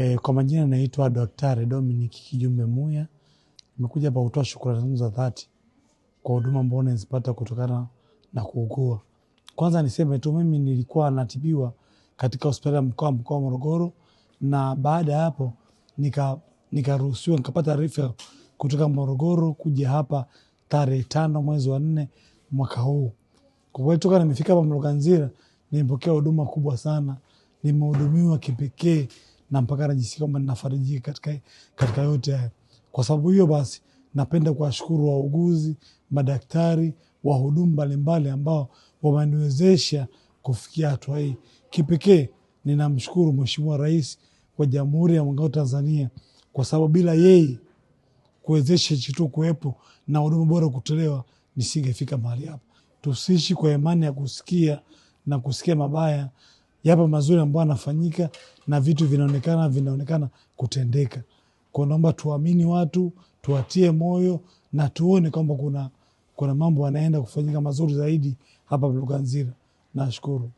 E, kwa majina naitwa Daktari Dominic Kijumbe Muya. Nimekuja hapa kutoa shukrani zangu za dhati kwa huduma ambazo nazipata kutokana na kuugua. Kwanza niseme tu mimi nilikuwa natibiwa katika hospitali ya mkoa mkoa wa Morogoro, na baada ya hapo nikaruhusiwa nika nikapata rifa kutoka Morogoro kuja hapa tarehe tano mwezi wa nne mwaka huu. Kwa kweli toka nimefika hapa Mloganzila nimepokea huduma kubwa sana, nimehudumiwa kipekee na mpaka anajisikia kwamba ninafarijika katika, katika yote haya. Kwa sababu hiyo basi, napenda kuwashukuru wauguzi, madaktari, wahudumu mbalimbali ambao wameniwezesha kufikia hatua hii. Kipekee ninamshukuru Mheshimiwa Rais wa Jamhuri ya Muungano wa Tanzania kwa sababu bila yeye kuwezesha chitu kuwepo na huduma bora kutolewa, nisingefika mahali hapa. Tusiishi kwa imani ya kusikia na kusikia mabaya yapo mazuri ambayo anafanyika na vitu vinaonekana vinaonekana kutendeka. Kwa naomba tuamini watu, tuwatie moyo na tuone kwamba kuna kuna mambo yanaenda kufanyika mazuri zaidi hapa Mloganzila. Nashukuru.